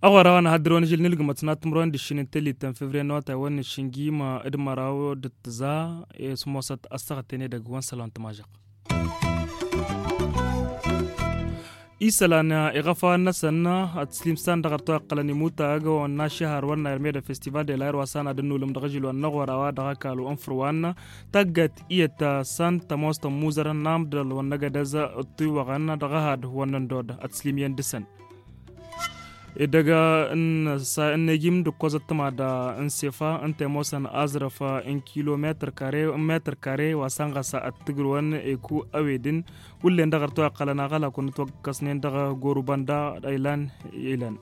awara wana hadiron jil nilga matsina tumron da shinin telitan fevrier nota wani shingi ma idmarawo da ta za su mosat asaka ne daga wani salon isalana igafa nasanna atslimsan dagartoa qalanimuta aga na shahar wana ermeda festival de lair wasana danulum dagajil wana gwarawa daga kalu wana iyata san tamosta nam namdal wana gadaza utu wagana daga had wana ndoda atslimyan disan daga in sa n yim da in sefa n temosan azrafa n kilometr kare in metar kare wasan gasa a tigirwan eku awedin wulle ndagar to a kalana gala kun to kasne ndaga gorubanda ilan ilan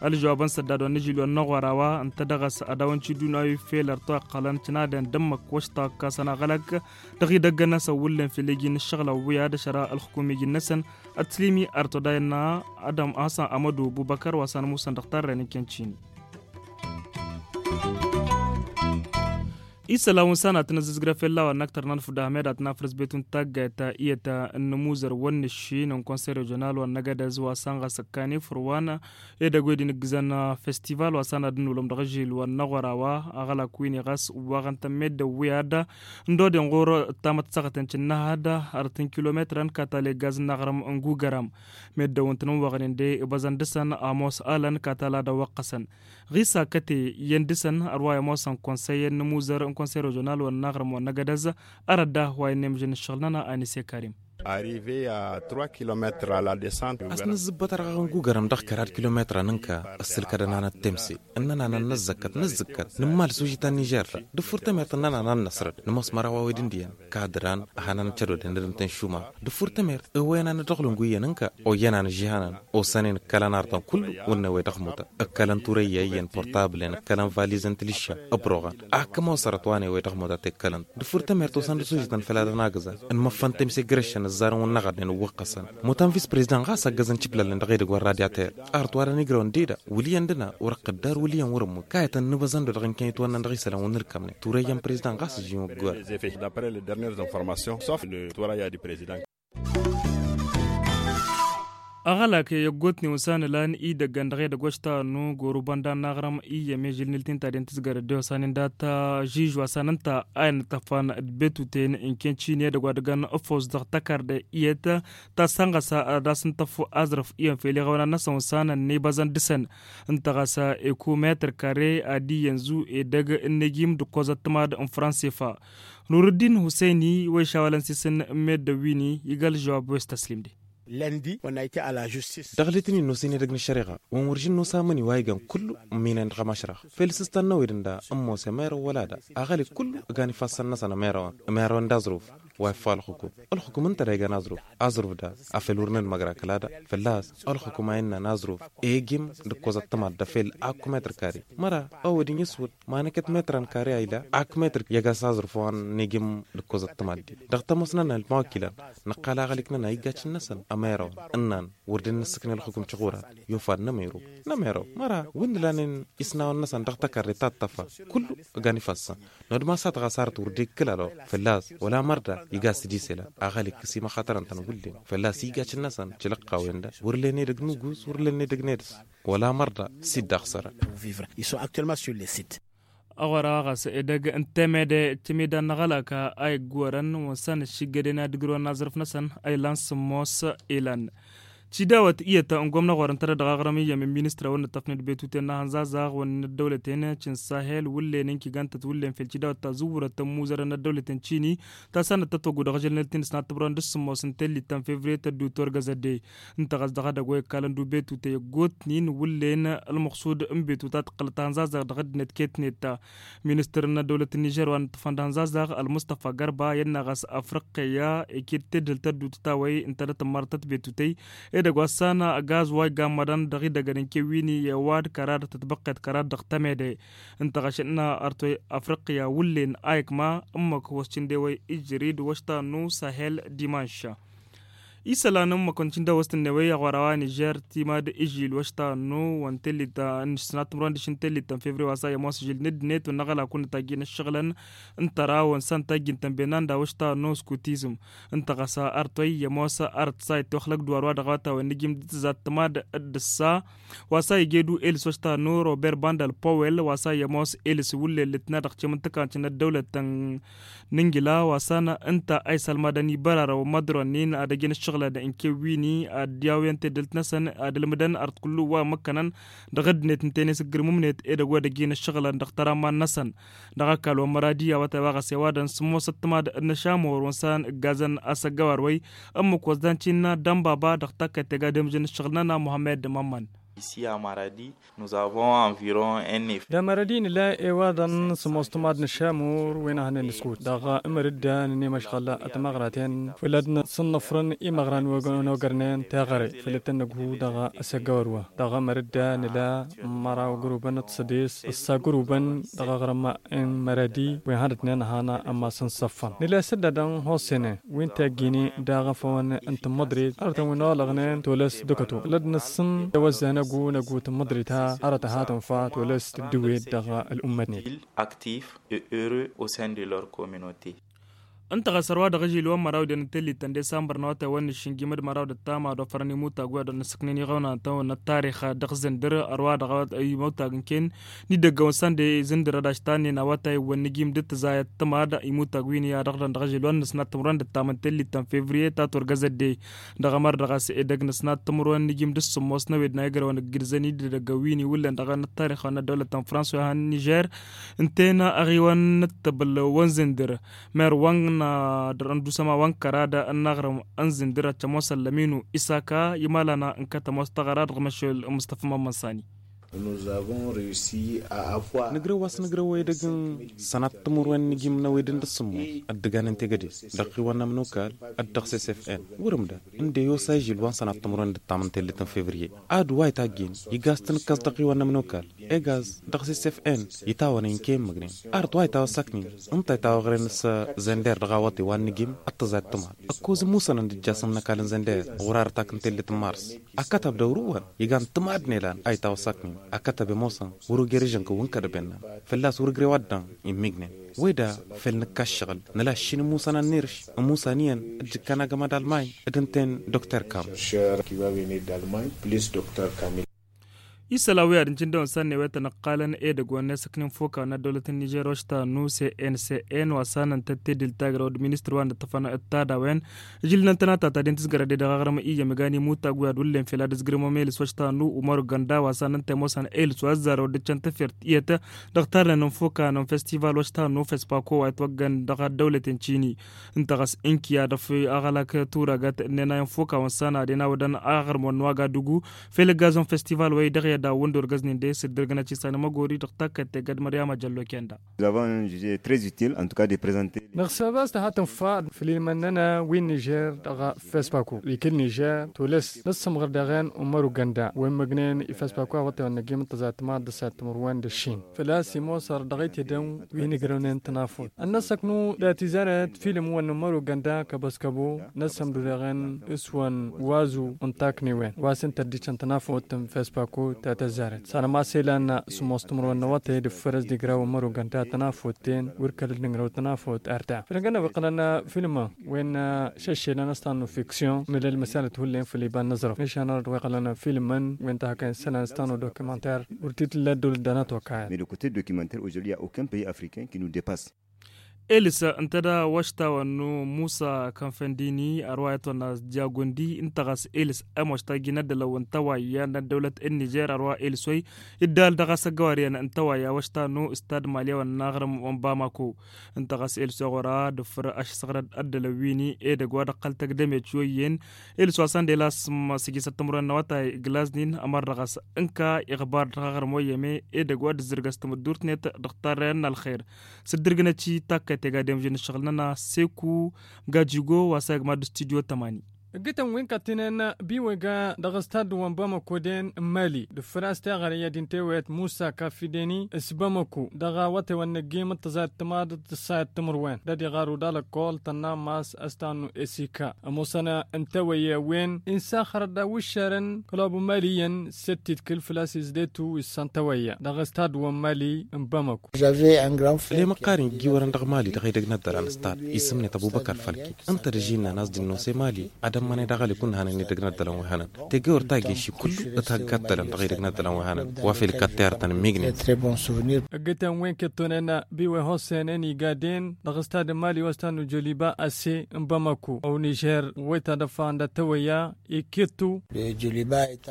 aljawaban sadad wani jilwa na warawa an ta daga sa'adawanci dunawi felar ta kalan cinaden denmark washta kasana galag dagi daga nasa wullen filigin shagla wuya da shara alhukumigin nasan atlimi artodai na adam hassan amadu bubakar wasan musan daktar ranikin cini isalawun sana tana zizgrafen lawa naktar nan fuda hamed at na frisbetun tagga ta iya ta numuzar wani shi nan konsai regional wa nagada zuwa sanga sakani furwana e da gwe ni gizana festival wa sana dinu lam daga jil wa nagwarawa a gala kuini gas wagan ta medda da wiyada ndo di ngoro tamat sakatan cin na hada artin kilometer an katale gaz nagaram ngu garam medda da wantanan waganin de bazan disan amos alan katala da wakasan gisa kate yen disan arwaya mosan konsai numuzar conseil régional na nagar mo nagadaz arada wayenem jeune sharnana anise karim أسنزبت رغم جوجر مدخ كرار كيلومتر ننكا السلكة نانا التمسي إننا ننزكت نزكت نمال سوشي تاني جرة دفورت ميت إننا ننصر نمس مراوا ويدين ديان كادران أهانا نتشرو دين دين تنشوما دفورت ميت إوينا ندخلون جوية ننكا أو ينا نجيهانا أو سنين كلان أرطان كل ونوي دخموتا أكلان توريا ين بورتابلين كلان فاليزن تلشا أبروغان أكما وصرتواني ويدخموتا تكلان دفورت ميت وصندسوشي تنفلادنا غزا zaran wani nagar den wuka san mutan vice president ga sa gazan chipla len dagai dagwa radiator artwara ni gron dida wuliyan dina wur qaddar wuliyan wur mu kayatan nuba zan do dagin kayto nan dagai salan wani kamne turayan president ga sa jimu gwar d'après les dernières informations sauf le touraya du président agala ke yogotni ne lan i dagandare da gosta nu goro banda nagram i yeme da tinta den tisgar de usane data jiju asananta ayan tafan betu in kenci ne daga dagan ofos da takar da iyeta ta sanga sa da sun tafu azraf iyan fili gawana na san usane ne bazan disan in ta gasa eku kare adi yanzu e daga inegim da kozatma da in nuruddin husaini wai shawalan sisin med da wini igal jawab lendi wonayte ala justice dagletini no sini regni shari'a. won warjin no samani waygan kullu minan dagama shara fel sistan no widinda ammo se mero walada agali kullu gani fassan nasana mero mero ndazruf وفاء الحكم الحكومة انت ريغا نظرف دا أفلورن المغرا كلادا فلاس الحكومة إن نظروف إيجم دكوزة تمار دا فيل أكو متر كاري مرا أو دي نسود ما نكت متران كاري أيلا أكو متر يغا سازرف وان نيجم دكوزة تمار دي دغتا مسنا الموكلا نقالا غاليكنا نايقاتش النسن أميرو أنان وردن نسكن الحكومة تغورات يوفاد نميرو نميرو مرا وندلانين إسناو النسن دغتا كاري تفا كل غاني فاسا نودما ما ساتغا سارت وردي كلالو فلاس ولا مرد iga sidisela agali kisima khataran tan gullin fala siga chinasan chilaqqa wenda wurlene dag nugus wurlene dag nedes wala marda sidda khsara ils sont actuellement sur les sites awaraaqas idag intemede timida naqalaka ay guwaran wasan shigadina digrona zarfnasan ay lansmos ilan تشيداوت إيتا أنقومنا غورن ترى دغاغرمية من مينسترا ون التقنيد بيتوتين هنزا زاغ ون الدولتين تشين ساهل ولي ننكي غانتا تولين في التشيداوت تزورة تموزر ن الدولتين تشيني تاسانا تتوغو دغجل نلتين سنا تبران دسمو سنتلي تن فيفريتا دو تورغا زادي انتا غاز دغا دغوي كالن دو بيتوتي غوتنين ولين المقصود ام بيتوتات قلتا هنزا زاغ دغد نتكيت نتا مينستر ن دولة النيجر وان تفند هنزا زاغ المصطفى غربا ينا غاس أفريقيا إكيد تدل تدو تتاوي انتا تمارتت بيتوتي edegwasana gazwaiga madan daqidaganike wini yawad karad tatbaqed karad daqtamede intaqashina artoy afriqiya wullin aikma imak wascindeway ijirid washta nu sahel dimansha isalanan makwancin da wasu ne warawa niger tima da ijil washta no wan telita an sinatum ran dishin telita fevri wasa ya masu jil ne ne to nagala kun tagi na shaglan in tara wan san tagin tambenan da washta no scutism in ta gasa artoy ya masa art sai to khlak duwarwa da gata wani gim za tama da dassa wasa ya gedu els washta no robert bandal powell wasa ya masa els wulle litna da cimin takancin dawlatan ningila wasa na inta aisal madani barara wa madron ne na adagin شغلة دا إنكي ويني دياوين تدلت نسن دلمدن أرد كله ومكنا دا غد نت نتيني سقر ممنت إيدا قوة دا الشغلة دا ما نسن دا غاكال ومرادية وتواغا سيوادا سمو ستماد دا نشامور ونسان غازن أسا قوار وي أمو كوزدان چينا دنبابا دا اختاكا تيغا دمجن الشغلنا محمد ممان Ici à Maradi, nous avons environ un effet. Da Maradi nila ewadan samostumad nishamur wina hanin niskut. Daga imaridda nini mashgalla atamagratin filadna sannafran imagran wagano garnen tagari filatan nagu daga asagawarwa. Daga maridda nila mara guruban tsadis issa guruban daga gramma in Maradi wina hadatnen hana amma san saffan. Nila saddadan hosene winta gini daga fawan anta Madrid artan wina lagnen tolas dukatu. Ladna san dawazana أقول أقول مدري تا أرى ولست دوي دغا الأمني نيل an taga sarwa daga jiliwan marau da nitelli tande sambar na wata wani shingimar marau da tama da farani mota guya da nasakne ni gauna ta wani tariha da zandar arwa daga wata ayi mota ginken ni daga wasan da zandar da shi tani na wata wani gim da ta zaya tama da ayi mota guya ni ya daga daga jiliwan na suna tamuran da tama telli tan fevriye ta tur gazar da daga mar daga sai daga na suna tamuran ni gim da mos na wed na ya gara wani da daga wini wulan daga na tariha na daulatan faransa ya han niger intena agiwan na tabalawan zandar mer wang anna daran dusama wankara da an nagaram an zindira ta isaka yi malana in ka ta mostagara da mashayil mustafa mamman sani nous avons réussi à avoir nigra was nigra way sanat tumurwan nigim na way dinda sumu ad daganan tegade daqi n mnokal ad daqse sfn wuramda inde yo sajil wan sanat tumurwan da février ad way tagin yigastan kas daqi egaz daqse sfn yitawana inkem magnin ard way taw sakni inta taw gren sa zender dagawati wan nigim atazat tumar akuz musanan dijasam zender gurar takan teletan mars akatab dawruwan yigan tumad nelan ay taw akata be mosan wuro gerjan ko wonkada benna fellas wuro gre waddan in migne weda felna kashgal nala shin musa na nirsh musa niyan jikana gama dalmai edanten doktar kam qui docteur isa lawiyar jin don sanne wata na kalan e da gwanne saknin foka na dolatin niger roshta nuse ncn wasanan ta te dilta gara wadda minister wanda ta fana ta da wayan jil nan tana tata dentis gara da gara ma iya magani muta guya dullen fela da zgirma mai lis washta nu umaru ganda wasanan ta mosan el su azzara wadda can ta fiyar iya ta daktar na nan foka nan festival washta nu fespa ko wa ta wagan daga dolatin cini in ta gas inkiya da fi agalaka tura ga ta nena yan foka wasana da na wadan agar monwa ga dugu fela gazon festival wai daga da wondor gazni de sirdir gana ci sana magori takta kette gad maryama jallo kenda zavan jije très utile en tout cas de présenter مرحبا استهات نفا في اللي مننا وين نيجير دغا فاسباكو لكل نيجير تولس لسه مغر دغان عمر وغندا وين مغنين فاسباكو وقت نجم تزات ما دسات مروان دشين فلا سيمو صار دغيت دم وين غرونين تنافو الناس كنو لا تزارت فيلم وان عمر وغندا كبسكبو نسم دغان اسوان وازو انتاكني وين واسن ترديشن تنافو تم فاسباكو تزارت سانا ما سيلانا سموستم نواتي واتي دفرز دي غراو مرو غانتا تنافوتين وركل نغرو تنافوت ارتا فلقنا وقلنا فيلم وين شاشي لنا ستانو فيكسيون من المسالة تولين في ليبان نزرو مش انا وقلنا فيلم وين تا كان سنة ستانو دوكيمنتير ورتيت لدول دول دانات وكاين مي لو كوتي دوكيمنتير اوجولي اوكان بي افريكان كي نو ديباس elisa ntada washta wanu musa kanfandini arwayato na jagondi intagas elis amoshta ginada lawantawaya na dawlat en niger arwa elisoy idal dagasa gawariyana intawaya washta no stad maliyawa nagram wambamako intagas elisoy gora dufra ash sagrad adalawini eda gwada qaltag damechoyen eliso asandelas sigisatamura nawata glasnin amar dagas inka iqbar dagagarmo yeme eda gwada zirgastamudurtnet dakhtaren sidirgana chi takat tega dem jeune sharlnana seku gajigo wasa gama studio tamani قتم وين كاتنين بيوغا دغستاد وان بامكو دين مالي دفراس تاغر يدين تيويت موسى كافيديني اسبامكو دغا واتي وان جيم تزايد تماد تسايد تمروين دادي غارو دالك كول تنام ماس استانو اسيكا موسانا انتوي وين انساخر دا وشارن كلابو ماليا ستيت كل فلاس ازديتو السانتوية دغستاد وان مالي بامكو جافي ان غران فلي مقارن جيوران دغ مالي دغي دغ ندر ان استاد اسمني ابو بكر فالكي انت رجينا ناس دي مالي dan mane dagali kun hanan ni degna dalan wa hanan te gor ta ge shi kullu ta gattalan da degna dalan wa hanan wa fil katter tan migni agatan wen ke tonena bi we hosen eni gaden da gasta de mali wastanu joliba ase mbamaku aw niger weta da fanda tawaya ikitu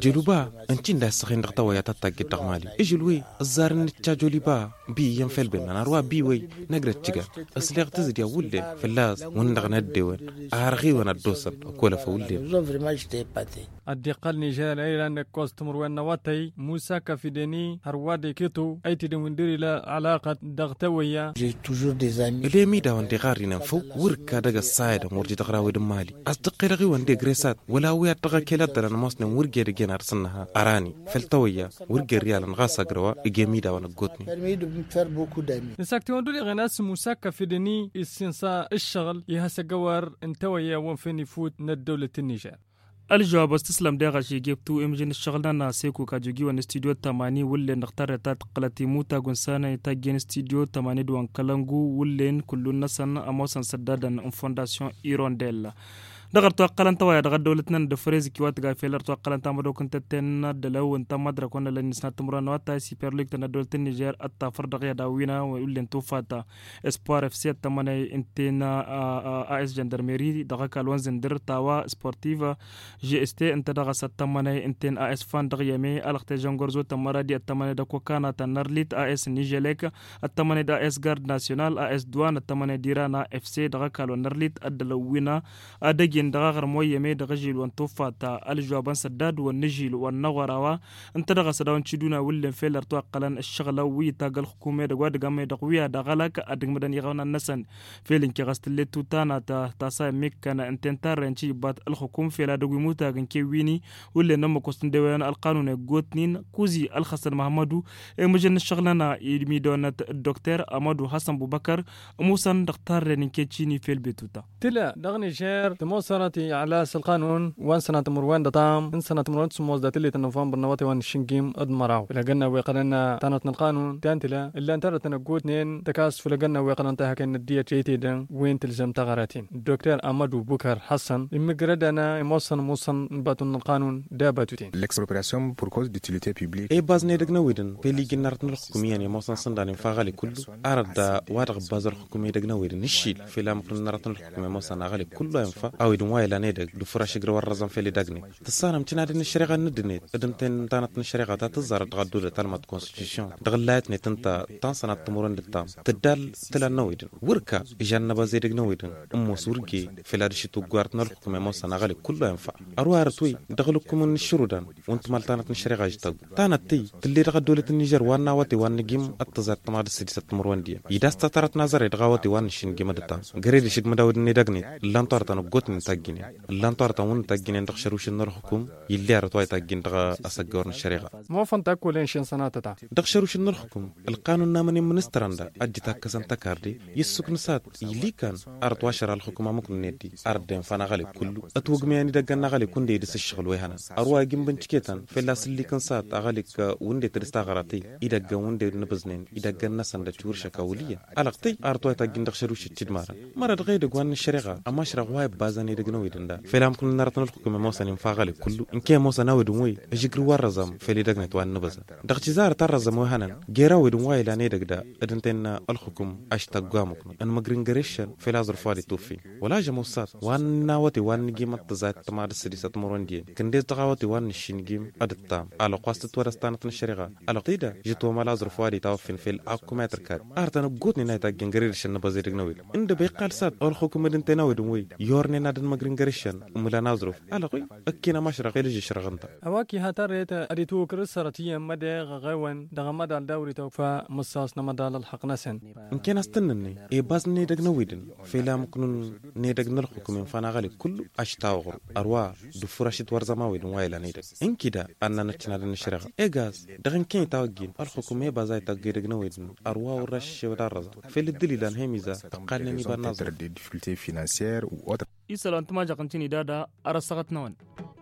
joliba ancin da sahin da tawaya tatta gitta mali ijlwi zarni ta joliba bi yan felben na arwa bi we nagrat tiga asliq tizdi wulle fillas wonda gnadde wen arghi wana dosan ko فولي الدقال نيجيريا ايلاند كوستمر وين واتي موسى كفيدني هروادي كيتو ايتي دمندير لا علاقه دغتوية لي ميدا وندي غاري نفو وركا دغ السايد ورجي تقراوي دمالي اصدقي لغي وندي غريسات ولا ويا تغا كيلا درن موسن ورجي رجينا رسنها اراني فلتوية ورجي ريال نغاسا غروا اجي ميدا ونغوتني نساكتي وندولي غناس موسى كفيدني السنسا الشغل يهسا قوار انتوية وانفيني فوت ند daulatin Nijar. Aljiwa Basta Salam da ya gashi gefe na sai ko ka jogi wani studio tamani wulen da ta rata ta kalati mu ta gunsa na ita gani studio tamani da wulen kullum na sannan a fondation Irondella. dhagartu aqalanta waya dhagar dawlatnan da frezi kiwat ga felar tu aqalanta mado kunta tenna da lawan ta madra kona la nisna tumura na wata super league tana dawlatan niger atta farda qiya da wina wa ullen tu fata espoir fc ta mana intena as gendarmerie daga kalwan zindir tawa sportiva gst inta daga satta mana inten as fan da yame alaqta jangorzo ta maradi atta mana da kokana ta narlit as nigelek atta mana da as guard national as douane atta mana dirana fc daga kalwan narlit adda lawina adagi لكن دغاغر موية مي دغجيل وان توفا تا الجوابان سداد والنجيل وا انت دغا سداون تشدونا ولن فيلر تو قلان الشغلة وي تاغ الحكومة دغوا دغامي دغويا دغالك ادغ مدن يغونا النسن فيلن كي غست غستلي توتانا تا تاسا ميك كان انتن تارنشي بات الحكومة فيلا دغوي موتا كي ويني ولن نمو كوستن ديوان القانون غوتنين كوزي الخسر محمدو مجن الشغلنا يدمي دونت الدكتور امادو حسن بوبكر موسى دكتور كي تشيني فيل بتوتا تلا دغني جير تموسا سنتي على سلقانون وان سنة مروان دتام ان سنة مروان سموز داتلي تنفان برنواتي وان الشنجيم ادمراو مراو لقنا ويقرنا تانت القانون تانتلا الا ان انترى تنقوت نين تكاس فلقنا ويقرن تها كان الدية جيتي دن وين تلزم تغاراتين الدكتور امادو بوكر حسن المقرد انا موصن موصن باتون القانون داباتوتين الاكسبروبراسيون بور كوز ديتيليتي بيبليك اي باز نيدقنا ويدن بيلي جنرت الحكومية يعني موصن صندان فاغالي كله ارد وارغ باز الحكومية دقنا ويدن الشيل في لا مقرن نرتن الحكومية موصن اغالي كله ينفع او dum wayla ne da du fura shigar war razan fili dagne ta sanam tina da ni shari'a ni dine idan tin tanat ni shari'a ta tazar da gaddu da talmat constitution da gallat ne tinta tan sanat tumurun da tam tadal tila nawidin wurka janna ba zai dig nawidin ummu surge fila da shitu gwart nal hukuma mo sana gali kullu yanfa arwar tuy dakhlukum ni shurudan wont mal tanat ni shari'a jta tanat ti tilli da gaddu da niger wanna wati wan gim at tazar tamad sidisa tumurun diya idas ta tarat nazar da gawati wan shin gim da ta gare da shid madawdin ne dagne lan tartan gotni تاجين اللان طار ارتمون تاجين عندك شروش النار حكوم يلي على ارتوا تاجين دغ اسقور الشريعه مو فنتا كولين شن سنه تتع دغ شروش النار حكوم القانون نامني نامن منستراندا اجي تاكسن تكاردي يسوق نسات يلي كان ارتوا شر الحكومه ممكن ندي اردن فنا غالي كله اتوق مياني نا غالي كون دي دس الشغل وهنا أروى جيم بنتكيتن في لاس اللي كان سات وين دي ترستا غراتي إذا جا يدغ وندي نبزنين يدغ نسند تشور شكاوليه القطي ارتوا تاجين دغ شروش تدمارا مرض غير دغوان الشريعه اما شرغ واي ni daga nawi danda fela am kulna ratan ko kuma mosa nim fagale kullu in ke mosa nawi dum wi jigri warra zam feli daga ne tuwan nabaza dag ci zar tarra zam wa hanan gera wi dum wayla ne daga da adan tenna al hukum hashtag gamuk an magrin garishan fela zar fadi tufi wala ja mosa wan nawati wan gimat tazat tamad sidisat murundi kinde tagawati wan shin gim adatta ala qastat warastanat shariga ala qida jitu mala zar fadi tawfin fil akumatr kad artan gutni na ta gengari shan nabaza daga nawi inda bai qalsat al hukum adan tenna wi dum wi yorne na المغرين قرشن وملا نازروف على أكينا مشرق جي شرغنت أواكي هاتريت ريتا تو كرسرة مدا مدى غغيوان دغا الدوري توقفا مصاص نمدى الحق نسن يمكن أستنني إي باز نيدق نويدن فيلا لا ني نيدق الحكم فانا غالي كل أشتاوغر أروا دفور أشد ورزا ويدن وايلا نيدق إن كده أننا نتنا لنشرغ إي غاز دغن كين تاوغين الحكم إي بازاي تاقيدق نويدن أروا ورش ودارز في الدليل هيميزا تقالني برنازر des ديفيكولتي فينانسيير ou isalantumaa dadah idaada arasaqat nawan